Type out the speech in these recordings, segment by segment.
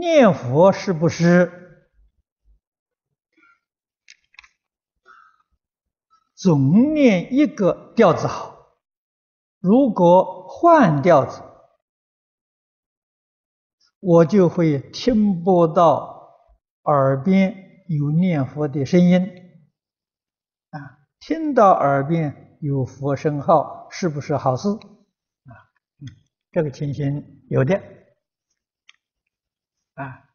念佛是不是總念一個調子好？如果換調子，我就會聽不到耳邊有念佛的聲音啊！聽到耳邊有佛聲號，是不是好事？啊，這個情形有的。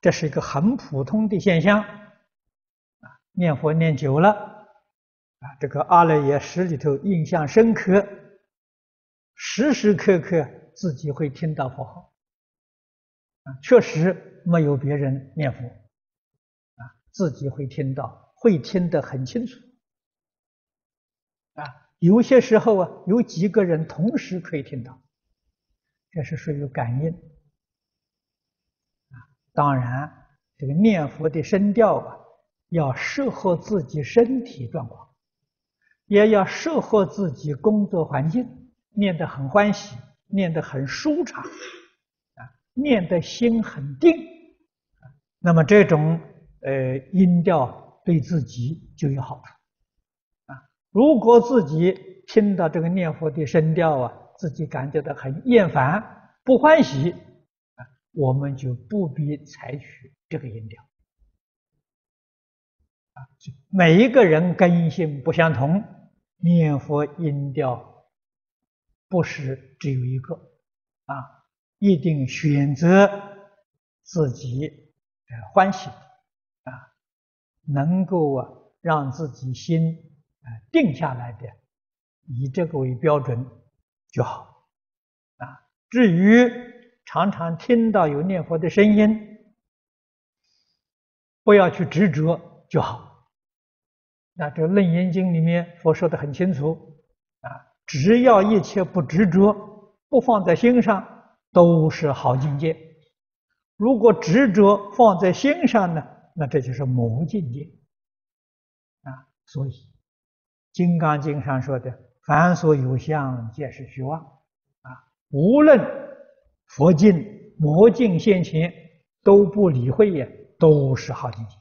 這是一個很普通的現象，啊，念佛念久了，啊，這個阿賴耶識裡頭印象深刻，時時刻刻自己會聽到佛號，確實沒有別人念佛，啊，自己會聽到，會聽得很清楚，啊，有些時候啊，有幾個人同時可以聽到，這是屬於感應。當然，這個念佛的聲調啊，要適合自己身體狀況，也要適合自己工作環境。念得很歡喜，念得很舒暢，啊，念得心很定，啊，那麼這種呃音調對自己就有好處。啊，如果自己聽到這個念佛的聲調啊，自己感覺到很厭煩，不歡喜。我們就不必採取這個音調啊。每一個人根性不相同，念佛音調不是只有一個啊，一定選擇自己歡喜啊，能夠讓自己心啊定下來的，以這個為標準就好啊。至於，常常聽到有念佛的聲音，不要去執着就好。那這個《楞嚴經》裡面佛說得很清楚啊，只要一切不執着、不放在心上，都是好境界。如果執着放在心上呢，那這就是魔境界啊。所以《金剛經》上說的“凡所有相，皆是虛妄”，啊，無論。佛境、魔境、現前都不理會呀，都是好境界。